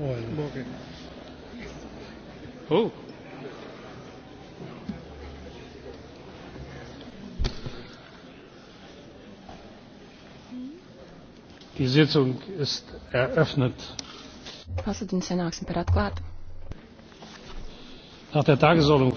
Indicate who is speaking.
Speaker 1: oil. Okay. Oh.
Speaker 2: Die Sitzung ist eröffnet.
Speaker 3: Pasludinu sanāksim par atklātu.
Speaker 4: Nach der Tagesordnung